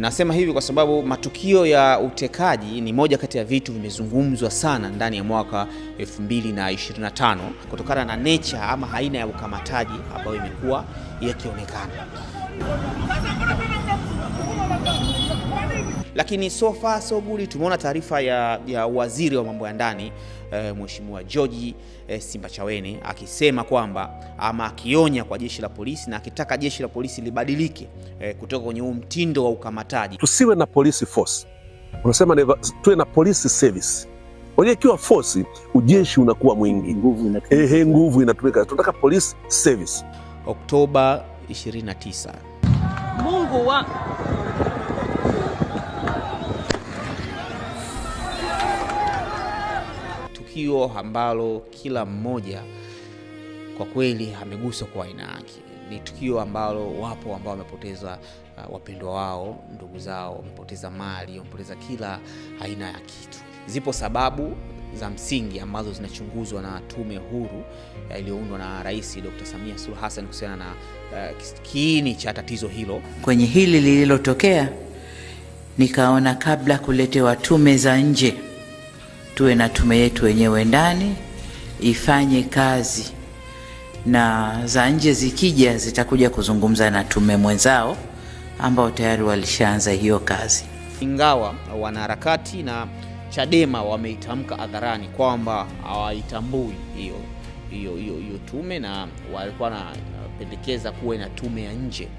Nasema hivi kwa sababu matukio ya utekaji ni moja kati ya vitu vimezungumzwa sana ndani ya mwaka 2025 kutokana na nature ama aina ya ukamataji ambayo imekuwa yakionekana. Lakini so far so good, tumeona taarifa ya, ya waziri wa mambo ya ndani eh, Mheshimiwa George e, Simbachawene akisema kwamba ama akionya kwa jeshi la polisi na akitaka jeshi la polisi libadilike eh, kutoka kwenye huu mtindo wa ukamataji. Tusiwe na police force, unasema tuwe na police service. Unajua, ikiwa force ujeshi unakuwa mwingi, nguvu inatumika, ehe, nguvu inatumika. Tunataka police service. Oktoba 29 Mungu wa tukio ambalo kila mmoja kwa kweli ameguswa kwa aina yake. Ni tukio ambalo wapo ambao wamepoteza uh, wapendwa wao, ndugu zao, wamepoteza mali, wamepoteza kila aina ya kitu. Zipo sababu za msingi ambazo zinachunguzwa na tume huru uh, iliyoundwa na Rais Dr. Samia Suluhu Hassan kuhusiana na uh, kiini cha tatizo hilo. Kwenye hili lililotokea, nikaona kabla kuletewa tume za nje tuwe na tume yetu wenyewe ndani ifanye kazi, na za nje zikija zitakuja kuzungumza na tume mwenzao ambao tayari walishaanza hiyo kazi, ingawa wanaharakati na Chadema wameitamka hadharani kwamba hawaitambui hiyo hiyo hiyo tume na walikuwa wanapendekeza kuwe na tume ya nje.